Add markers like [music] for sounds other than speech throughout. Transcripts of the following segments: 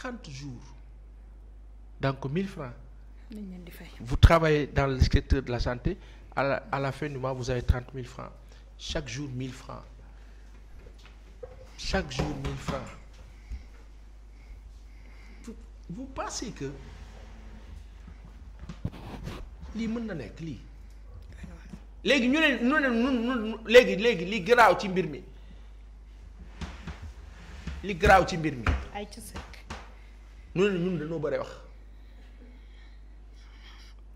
30 jours donc 1000 francs vous travaillez dans le secteur de la santé à la, à la fin du mois vous avez 30 000 francs chaque jour 1000 francs chaque jour 1000 francs vous, vous pensez que lii mën na nekk lii léegi ñu ne ñu ne ñun léegi léegi li garaaw ci mbir mi li garaaw ci mbir mi ñu ne ñun dañoo bëri wax.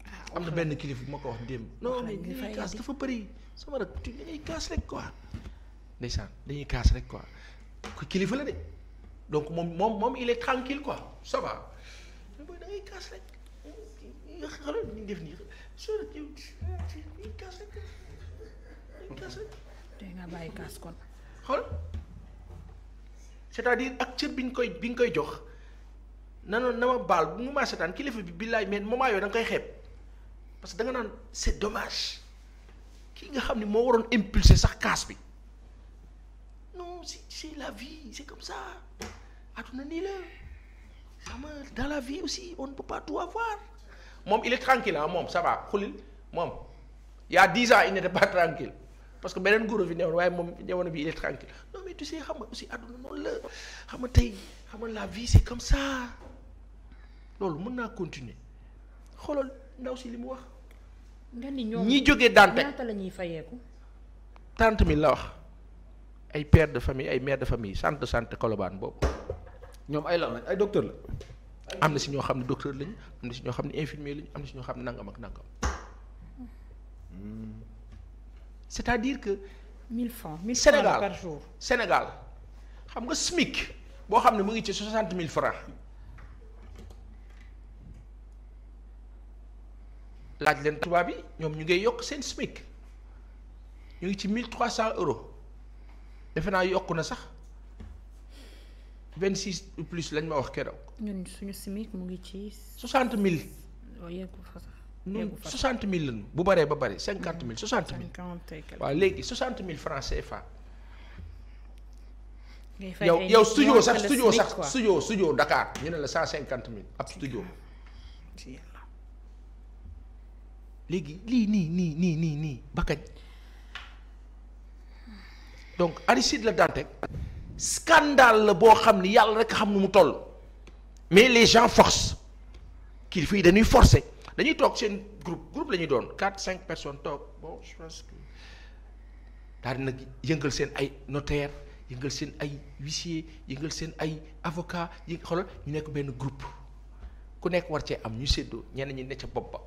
Ah, am na benn kilifa bu ma ko wax démb. non mais li ñuy kaas dafa bëri sama rak tuuti dañuy kaas rek quoi. kilifa la de donc moom moom moom il est tranquille quoi ça va. booy da ngay kaas nga bàyyi kaas kon. xool c'est-à-dire ak cër bi ñu koy bi ñu koy jox. nanoon na ma baal bu mu maa seetaan kilifa bi billaay mais moment yooyu da nga koy xeeb parce que da nga naan c'est dommage kii nga xam ne moo waroon impulser sax kaas bi non c'est c'est la vie c'est comme ça adduna nii la xam nga dans la vie aussi on ne peut pas tout avoir moom il est tranquille ah moom ça va moom y a dix ans il n'était pas tranquille parce que beneen góor fi waaye moom newoon bi il est tranquille non mais tu sais xam na aussi adduna noonu la xam nga tey xam nga la vie c'est loolu mën naa continuer xoolal ndaw si li mu wax. nga ni ñoom ñi jógee Dantec ñaata la ñuy fayeeku. tante mi la wax ay pere de famille ay mère de famille sant sant Colobane boobu. ñoom ay la lañ ay docteur la. am na si ñoo xam ne docteur lañ am na si ñoo xam ne infirmier lañ am na si ñoo xam ne nangam ak nangam. Hmm. c'est-à-dire que. mille francs 1000 francs par Sénégal xam nga SMIC boo xam ne mu ngi ci 60 mille francs laaj leen tubaab yi ñoom ñu ngay yokk seen SMIC ñu ngi ci mille trois cent euro defe naa yokk na sax vingt six plus lañ ma wax keroog. ñun suñu SMIC mu ngi ci. soixante mille. Oh, ñun soixante mille bu baree ba bare cinquante mille soixante mille. waaw léegi soixante mille francs CFA. yow yow studio sax studio sax studio studio Dakar ñu ne la cent cinquante mille ab studio. léegi lii nii nii nii nii nii ba kañ donc Aristide Le Dantec scandale la boo xam ni yàlla rek xam nu mu toll mais les gens forcent kilifa yi dañuy forcer dañuy toog seen group groupe lañu doon quatre cinq personnes toog bon je pense que daal nag yëngal seen ay notaire yëngal seen ay huissier yëngal seen ay avocat yi xoolal ñu nekk benn groupe ku nekk war cee am ñu séddoo ñen ñi ne ca boppa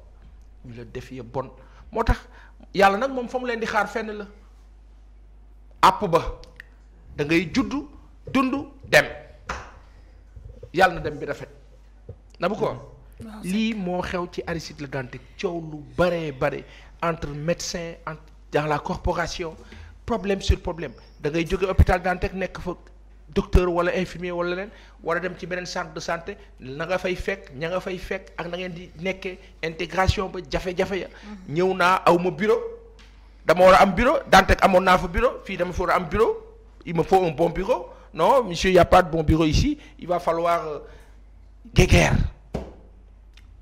ñu la def ya bon moo tax yàlla nag moom fa mu leen di xaar fenn la àpp ba da ngay judd dund dem yàlla na dem bi rafet na bu ko lii moo xew ci Aristide Le Dantec coow lu bare bare entre médecins entre dans la corporation problème sur problème da ngay jóge hôpital Dantec nekk fa docteur wala infirmier wala neen war a dem ci beneen centre de santé na nga fay fekk ña nga fay fekk ak na ngeen di nekkee intégration ba jafe-jafe ya. Mm-hmm. ñëw naa aw ma bureau dama war a am bureau Dantec amoon naa fa bureau fii dama fa war a am bureau il me faut un bon bureau non monsieur il bon bureau ici il va falloir euh, guéguerre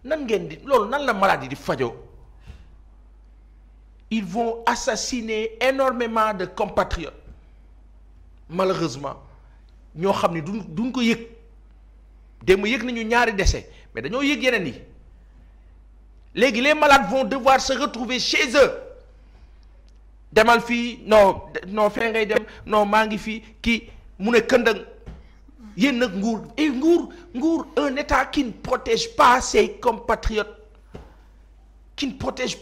nan ngeen di loolu nan la maladie di fajoo il vont assassiner énormément de compatriotes malheureusement. ñoo xam ne du duñ ko yëg démb yëg nañu ñaari décès mais dañoo yëg yeneen yi léegi les malades vont devoir se retrouver chez eux demal fii non non fee ngay dem non maa ngi fii kii mu ne këndëng yéen nag nguur et eh, nguur nguur un état qui ne protège pas ses compatriotes qui ne protège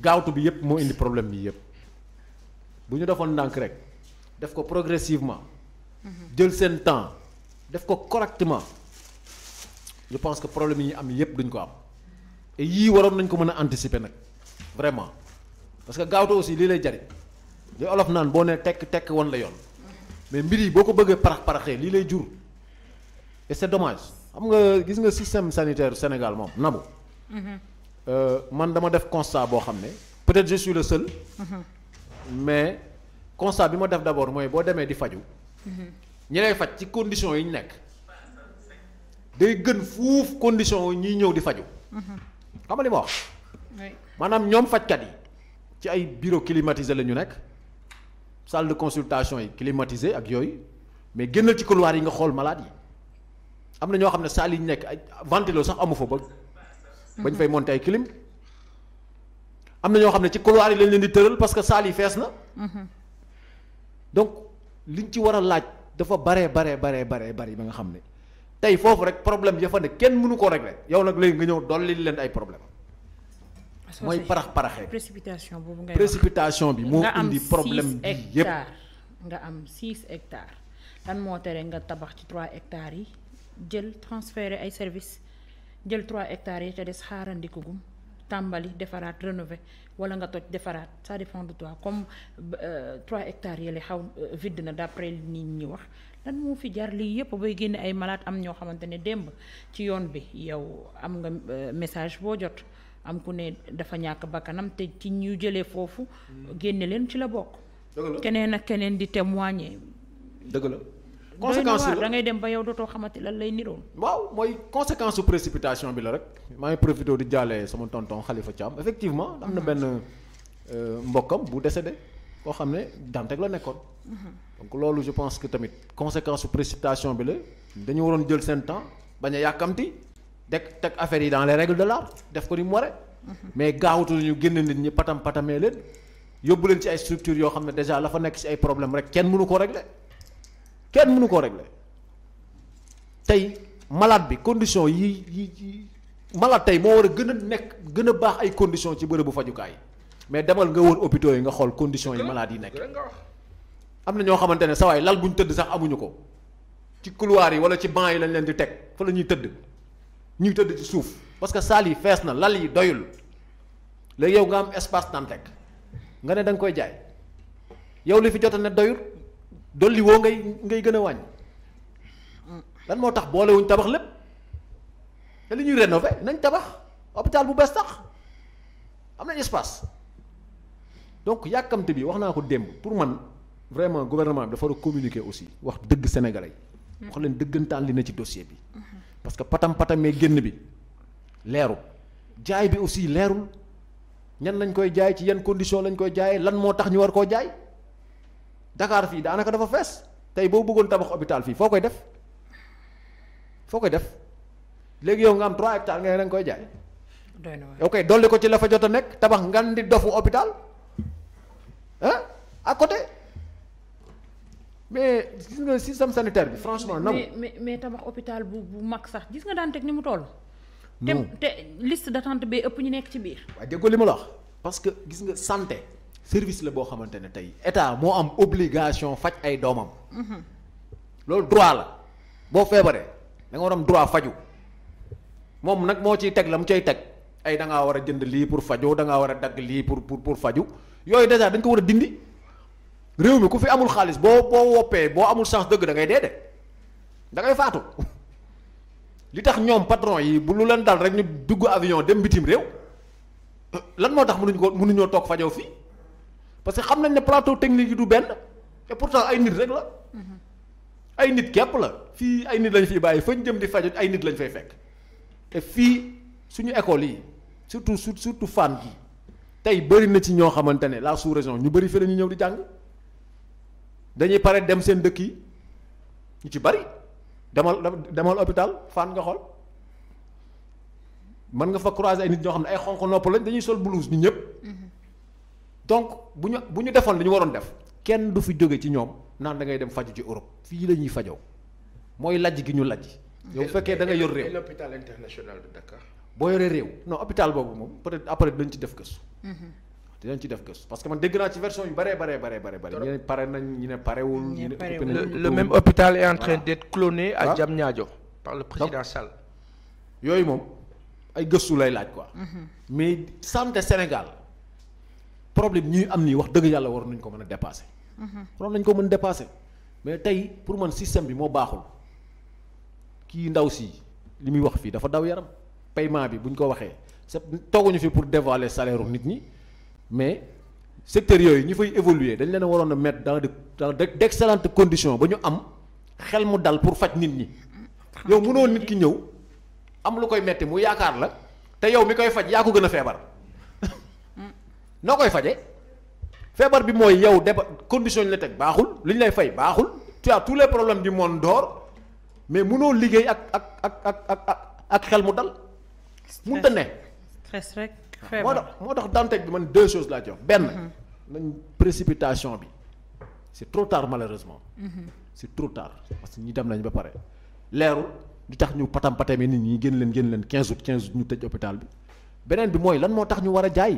gaawtu bi yëpp moo indi problème bi yëpp bu ñu defoon ndànk rek def ko progressivement. jël seen temps def ko correctement je pense que problème yi ñu am yépp duñ ko am et yii waroon nañ ko mën a anticiper nag vraiment parce que gaawtu aussi lii lay jariñ li olof naan boo nee tekk tekk woon la yoon mais mbir boo ko bëggee parax paraxee lii lay jur et c'est dommage xam nga gis nga système sanitaire Sénégal moom nabu. Mm-hmm. Euh, man dama def constat boo xam ne peut-être je suis le seul. Mm-hmm. mais constat bi ma def d'abord mooy boo demee di faju ñi lay faj ci condition yi ñu nekk day gën fuuf condition ñuy ñëw di faju xam nga li ma wax maanaam ñoom fajkat yi ci ay bureau climatisé la ñu nekk salle de consultation yi climatisé ak yooyu mais génnal ci couloir yi nga xool malaat yi am na ñoo xam ne salle yi ñu nekk ay ventilo sax amu fa ba bañ fay monter ay kilim am na ñoo xam ne ci couloir yi lañ leen di tëral parce que salle yi fees na. Mhm. donc liñ ci war a laaj dafa baree baree baree baree bari ba nga xam ne tey foofu rek problème ya fa ne kenn mënu koo régler yow nag léegi nga ñëw dolli leen ay problème mooy parax paraxee précipitation ngay précipitation bi moo indi problème bi yépp nga am 6 hectares tan moo tere nga tabax ci 3 hectares yi jël transférer ay services jël trois hectares yi ca des xaarandikugum tàmbali defaraat rénover wala nga toj defaraat ça de toi comme euh, trois hectares yële xaw euh, vide na d'après nit ñi wax lan moo fi jar lii yëpp bay génne ay malaat am ñoo xamante ne démb ci yoon bi yow am nga euh, message boo jot am ku ne dafa ñàkk bakkanam te ci ñu jëlee foofu hmm. génne leen ci la bokk. keneen ak keneen di témoigner. dëgg la. conséquence la ngay dem ba yow dootoo xamante lan lay niroon. waaw mooy conséquence su précipitation bi la rek maa ngi profité di jàllee sama tonton Khalifa Thiam effectivement am na benn euh, mbokkam bu desee de koo xam ne Dantec la nekkoon. donc loolu je pense que tamit conséquence su précipitation bi la dañu waroon jël seen temps bañ a yàkkamti dek teg affaire yi dans les règles de def ko ni mu waree. mais gaawutu ñu génn nit ñi patam patamee leen yóbbu leen ci ay structures yoo xam ne déjà la fa nekk si ay problème rek kenn mënu ko régler. kenn mënu koo régler tey malaat bi condition yi yi malaat tey moo war a gën a nekk gën a baax ay condition ci bërëbu fajukaay mais demal nga wër hôpitaux yi nga xool condition yi malade yi nekk am na ñoo xamante ne sawaay lal bu ñu tëdd sax amuñu ko ci couloir yi wala ci banc yi lañ leen di teg fa la ñuy tëdd ñuy tëdd ci suuf parce que salle yi fees na lal yi doyul léegi yow nga am espace Dantec nga ne da koy jaay yow li fi jota ne doyul dolli woo ngay ngay gën a wàññi lan moo tax boolewuñ tabax lépp te li ñuy rénover nañ tabax hôpital bu bees tax am nañ espace donc yàkkamte bi wax naa ko démb pour man vraiment gouvernement bi dafa war a communiquer aussi wax dëgg sénégalais yi. wax leen dëggantaan li na ci dossier bi. parce que patam patamee génn bi leeru jaay bi aussi leerul ñan lañ koy jaay ci yan condition lañ koy jaayee lan moo tax ñu war koo jaay. Dakar fii daanaka dafa fees tey boo bëggoon tabax hôpital fii foo koy def foo koy def léegi yow nga am 3 hectares nga ne da nga koy jaay. doy na dolli ko ci la fa jot a nekk tabax ngan di dofu hôpital ah à côté mais gis nga système sanitaire bi franchement. nangu mais mais mais tabax hôpital bu bu mag sax gis nga daan teg ni mu toll. te te liste d'attente bi ëpp ñu nekk ci biir. waaw déggoo li ma la wax parce que gis nga santé. service la boo xamante ne tey état moo am obligation faj ay doomam. Mhm. loolu droit la boo feebaree da nga war am droit faju moom nag moo ciy teg la mu cay teg ay da ngaa war a jënd lii pour faju da war a dagg lii pour pour pour faju yooyu déjà dañ ko war a dindi réew mi ku fi amul xaalis boo boo woppee boo amul chance dëgg da ngay dee de da ngay faatu [laughs] li tax ñoom patron yi bu lu leen dal rek ñu dugg avion dem bitim réew lan moo tax mënuñu ko mënuñoo toog fajoo fii. parce que xam nañ ne plateau technique yi du benn et pourtant ay nit rek la. Mhm. ay nit kepp la fii ay nit lañu fiy bàyyi fañ jëm di fajot ay nit lañ fay fekk te fii suñu école yi surtout surtout Fann gi tey bëri na ci ñoo xamante ne la sous-région ñu bari fii la ñëw di jàng dañuy pare dem seen dëkk yi ñu ci bari demal demal hôpital Fann nga xol man nga fa croiser ay nit ñoo xam ne ay xonq nopp lañ dañuy sol blouse ñu ñëpp. Mhm. donc bu ñu bu ñu defoon li ñu waroon def kenn du fi jóge ci ñoom naan dangay dem faju ci Europe fii la ñuy fajoo mooy lajj gi ñu lajj. yow bu fekkee da yor réew l'hôpital boo yoree réew non boobu moom peut-être après dañ ci def gëstu. Mm-hmm. dinañ ci def gëstu parce que man dégg naa ci version yu bare bare bare bare bare ñu ne pare nañ ñu ne parewul ñu ne le ah. yooyu moom ay gëstu lay laaj quoi mm-hmm. mais santé Sénégal problème ñuy am nii wax dëgg yàlla war nañ ko mën a dépasser. waroon nañ ko mën dépasser mais tey pour man système bi moo baaxul kii ndaw si li muy wax fii dafa daw yaram paiement bi bu ñu ko waxee c'est tooguñu fi pour dévoiler salaire nit ñi mais secteur yooyu ñi fay évoluer dañ leen a waroon a mettre dans de dans d'excellentes conditions ba ñu am xel mu dal pour faj nit ñi. yow mënoo nit ki ñëw am lu koy metti mu yaakaar la te yow mi koy faj yaa ko gën a feebar. noo koy faje feebar bi mooy yow déba condition ñu la teg baaxul li ñu lay fay baaxul tu as tous les problèmes du monde door mais mënoo liggéey ak ak ak ak ak ak xel mu dal. mun ta ne. stress rek ah, moo tax moo tax Dantec bi man deux choses laa jox benn. Mhm. nañ précipitation bi c'est trop tard malheureusement. Mhm. c'est trop tard parce que ñi dem nañ ba pare leerul du tax ñu patam patame nit ñi génn leen génn leen 15 août 15 août ñu tëj hôpital bi beneen bi mooy lan moo tax ñu war a jaay.